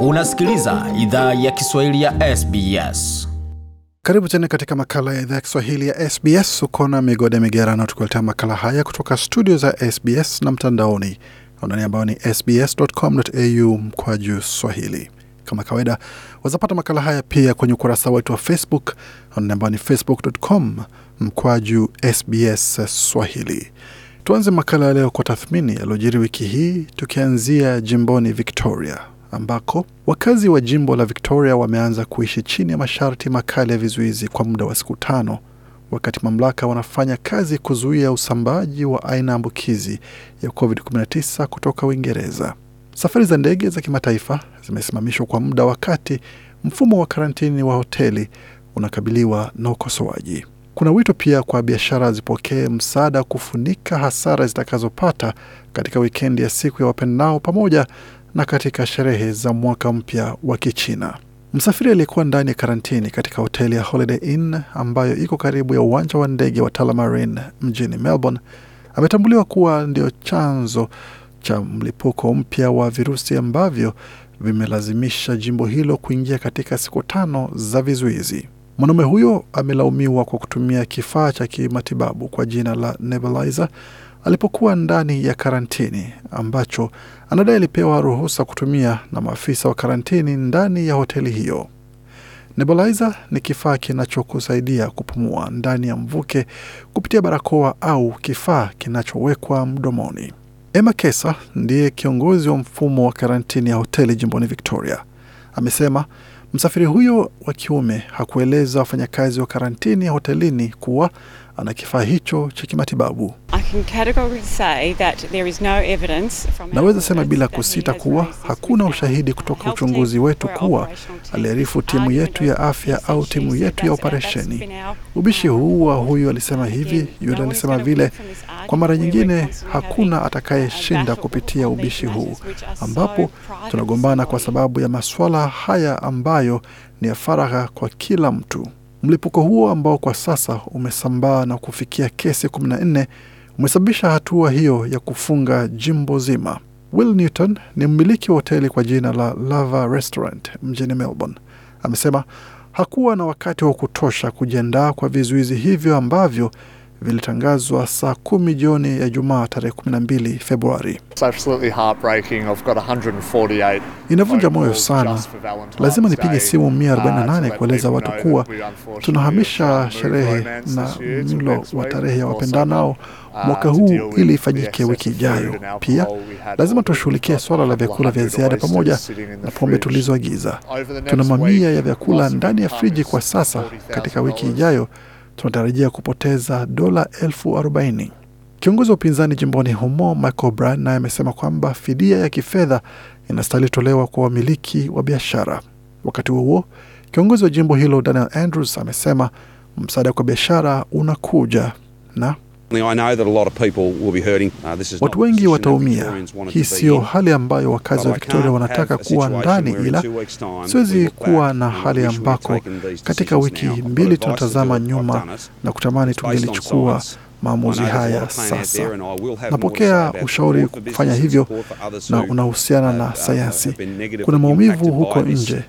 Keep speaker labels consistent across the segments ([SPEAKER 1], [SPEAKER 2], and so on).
[SPEAKER 1] Unasikiliza idhaa ya Kiswahili ya SBS. Karibu tena katika makala ya idhaa ya Kiswahili ya SBS. Ukona migode migerano, tukuletea makala haya kutoka studio za SBS na mtandaoni anani ambayo ni sbs.com.au juu swahili. Kama kawaida, wazapata makala haya pia kwenye ukurasa wetu wa Facebook anani ambayo ni facebook.com mkwa juu sbs swahili. Tuanze makala ya leo kwa tathmini yaliyojiri wiki hii, tukianzia jimboni Victoria ambako wakazi wa jimbo la Victoria wameanza kuishi chini ya masharti makali ya vizuizi kwa muda wa siku tano, wakati mamlaka wanafanya kazi kuzuia usambaaji wa aina ambukizi ya COVID-19 kutoka Uingereza. Safari za ndege za kimataifa zimesimamishwa kwa muda, wakati mfumo wa karantini wa hoteli unakabiliwa na ukosoaji. Kuna wito pia kwa biashara zipokee msaada kufunika hasara zitakazopata katika wikendi ya siku ya wapendao pamoja na katika sherehe za mwaka mpya wa Kichina. Msafiri aliyekuwa ndani ya karantini katika hoteli ya Holiday Inn ambayo iko karibu ya uwanja wa ndege wa Tullamarine mjini Melbourne ametambuliwa kuwa ndio chanzo cha mlipuko mpya wa virusi ambavyo vimelazimisha jimbo hilo kuingia katika siku tano za vizuizi. Mwanaume huyo amelaumiwa kwa kutumia kifaa cha kimatibabu kwa jina la nebulizer alipokuwa ndani ya karantini ambacho anadai alipewa ruhusa kutumia na maafisa wa karantini ndani ya hoteli hiyo. Nebulizer ni kifaa kinachokusaidia kupumua ndani ya mvuke kupitia barakoa au kifaa kinachowekwa mdomoni. Emma Kesa ndiye kiongozi wa mfumo wa karantini ya hoteli jimboni Victoria. Amesema Msafiri huyo wa kiume hakueleza wafanyakazi wa karantini ya hotelini kuwa ana kifaa hicho cha kimatibabu. Naweza sema bila kusita kuwa hakuna ushahidi kutoka uchunguzi wetu kuwa aliarifu timu yetu ya afya au timu yetu ya operesheni. Ubishi um, huu wa huyu um, alisema um, hivi, yule alisema vile, kwa mara nyingine, hakuna atakayeshinda kupitia ubishi huu, ambapo tunagombana kwa sababu ya masuala haya ambayo ni ya faragha kwa kila mtu. Mlipuko huo ambao kwa sasa umesambaa na kufikia kesi 14 umesababisha hatua hiyo ya kufunga jimbo zima. Will Newton ni mmiliki wa hoteli kwa jina la Lava Restaurant mjini Melbourne. Amesema hakuwa na wakati wa kutosha kujiandaa kwa vizuizi hivyo ambavyo vilitangazwa saa kumi jioni ya Jumaa tarehe 12 Februari. Inavunja moyo sana, lazima nipige simu 148 uh, kueleza watu kuwa tunahamisha sherehe na mlo wa tarehe ya wapendanao uh, mwaka huu ili ifanyike wiki ijayo. Pia lazima tushughulikie swala la vyakula vya ziada pamoja na pombe tulizoagiza. Tuna mamia ya vyakula ndani ya friji kwa sasa. Katika wiki ijayo tunatarajia kupoteza dola elfu arobaini. Kiongozi wa upinzani jimboni humo Michael Bryan naye amesema kwamba fidia ya kifedha inastahili tolewa kwa wamiliki wa biashara. Wakati huo huo, kiongozi wa jimbo hilo Daniel Andrews amesema msaada kwa biashara unakuja na Uh, Watu wengi wataumia. Hii siyo hali ambayo wakazi wa Victoria wanataka kuwa ndani, ila siwezi kuwa na hali ambako katika wiki mbili tunatazama nyuma na kutamani tungelichukua maamuzi haya sasa. Napokea ushauri kufanya hivyo, na unahusiana na uh, uh, sayansi. Kuna maumivu huko nje,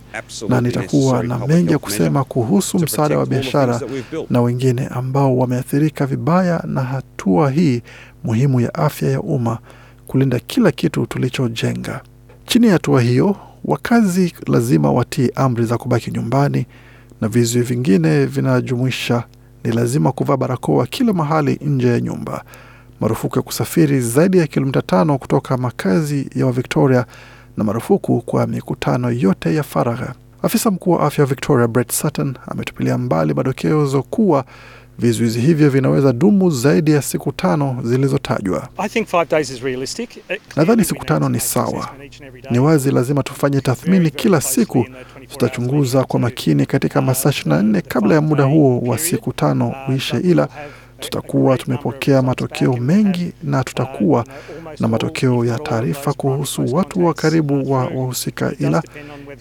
[SPEAKER 1] na nitakuwa na mengi ya kusema kuhusu msaada wa biashara na wengine ambao wameathirika vibaya na hatua hii muhimu ya afya ya umma, kulinda kila kitu tulichojenga. Chini ya hatua hiyo, wakazi lazima watii amri za kubaki nyumbani na vizuizi vingine vinajumuisha ni lazima kuvaa barakoa kila mahali nje ya nyumba. Marufuku ya kusafiri zaidi ya kilomita tano kutoka makazi ya Wavictoria na marufuku kwa mikutano yote ya faragha. Afisa mkuu wa afya wa Victoria Brett Sutton ametupilia mbali madokezo kuwa Vizuizi hivyo vinaweza dumu zaidi ya siku tano zilizotajwa. Nadhani siku tano ni sawa. Ni wazi, lazima tufanye tathmini kila siku. Tutachunguza kwa makini katika masaa 24 kabla ya muda huo wa siku tano uh, uishe, ila tutakuwa tumepokea matokeo mengi na uh, tutakuwa na matokeo ya taarifa kuhusu watu wa karibu wa wahusika, ila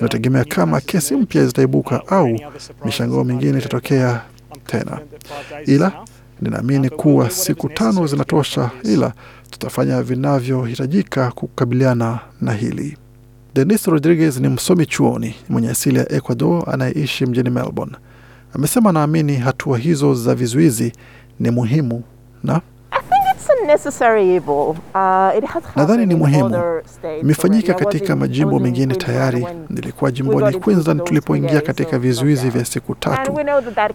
[SPEAKER 1] inategemea kama kesi mpya zitaibuka au mishangao mingine itatokea tena, ila ninaamini kuwa siku tano zinatosha, ila tutafanya vinavyohitajika kukabiliana na hili. Denis Rodriguez ni msomi chuoni mwenye asili ya Ecuador anayeishi mjini Melbourne. Amesema anaamini hatua hizo za vizuizi ni muhimu na Uh, Nadhani ni muhimu, imefanyika katika majimbo mengine tayari. Nilikuwa jimboni Queensland tulipoingia katika vizuizi vya siku tatu,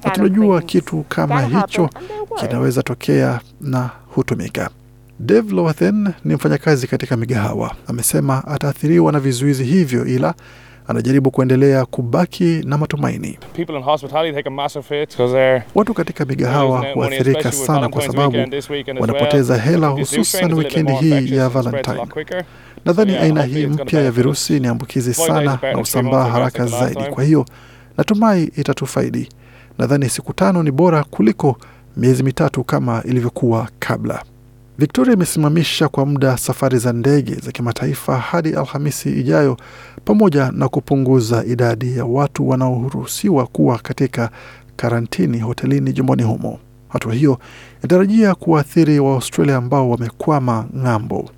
[SPEAKER 1] na tunajua kitu kama hicho kinaweza tokea na hutumika. Dave Lowathen ni mfanyakazi katika migahawa, amesema ataathiriwa na vizuizi hivyo, ila anajaribu kuendelea kubaki na matumaini. Watu katika migahawa huathirika sana kwa sababu wanapoteza hela, hususan wikendi hii ya Valentine. Nadhani aina hii mpya ya virusi ni ambukizi sana na usambaa haraka zaidi, kwa hiyo natumai itatufaidi. Nadhani siku tano ni bora kuliko miezi mitatu kama ilivyokuwa kabla. Victoria imesimamisha kwa muda safari za ndege za kimataifa hadi Alhamisi ijayo pamoja na kupunguza idadi ya watu wanaoruhusiwa kuwa katika karantini hotelini jumbani humo. Hatua hiyo inatarajia kuwaathiri Waaustralia ambao wamekwama ng'ambo.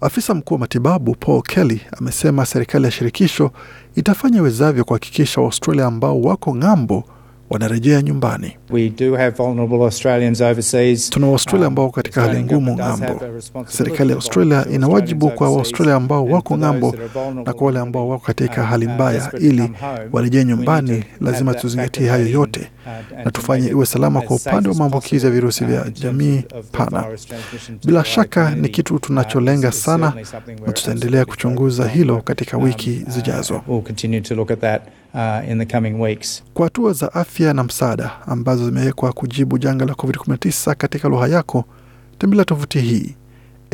[SPEAKER 1] Afisa mkuu wa matibabu Paul Kelly amesema serikali ya shirikisho itafanya iwezavyo kuhakikisha Waaustralia ambao wako ng'ambo wanarejea nyumbani. Tuna Waustralia um, ambao wako katika hali ngumu ng'ambo. Serikali ya Australia ina wajibu kwa Waustralia ambao wako ng'ambo na kwa wale ambao wako katika uh, hali uh, mbaya, ili warejee nyumbani. Lazima tuzingatie hayo yote uh, na tufanye iwe salama kwa upande wa maambukizi ya virusi vya jamii pana. Bila shaka ni kitu tunacholenga sana, na tutaendelea kuchunguza hilo katika wiki um, zijazo. Uh, in the coming weeks. Kwa hatua za afya na msaada ambazo zimewekwa kujibu janga la COVID-19 katika lugha yako, tembelea tovuti hii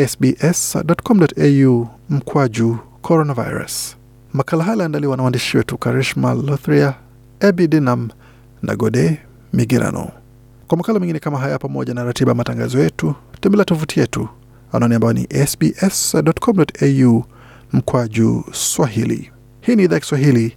[SPEAKER 1] sbs.com.au mkwaju coronavirus. Makala haya yaliandaliwa na waandishi wetu Karishma Lothria, Ebi Dinam na Gode Migirano. Kwa makala mengine kama haya pamoja na ratiba matangazo yetu, tembelea tovuti yetu anaoni ambayo ni sbs.com.au mkwaju Swahili. Hii ni idhaa Kiswahili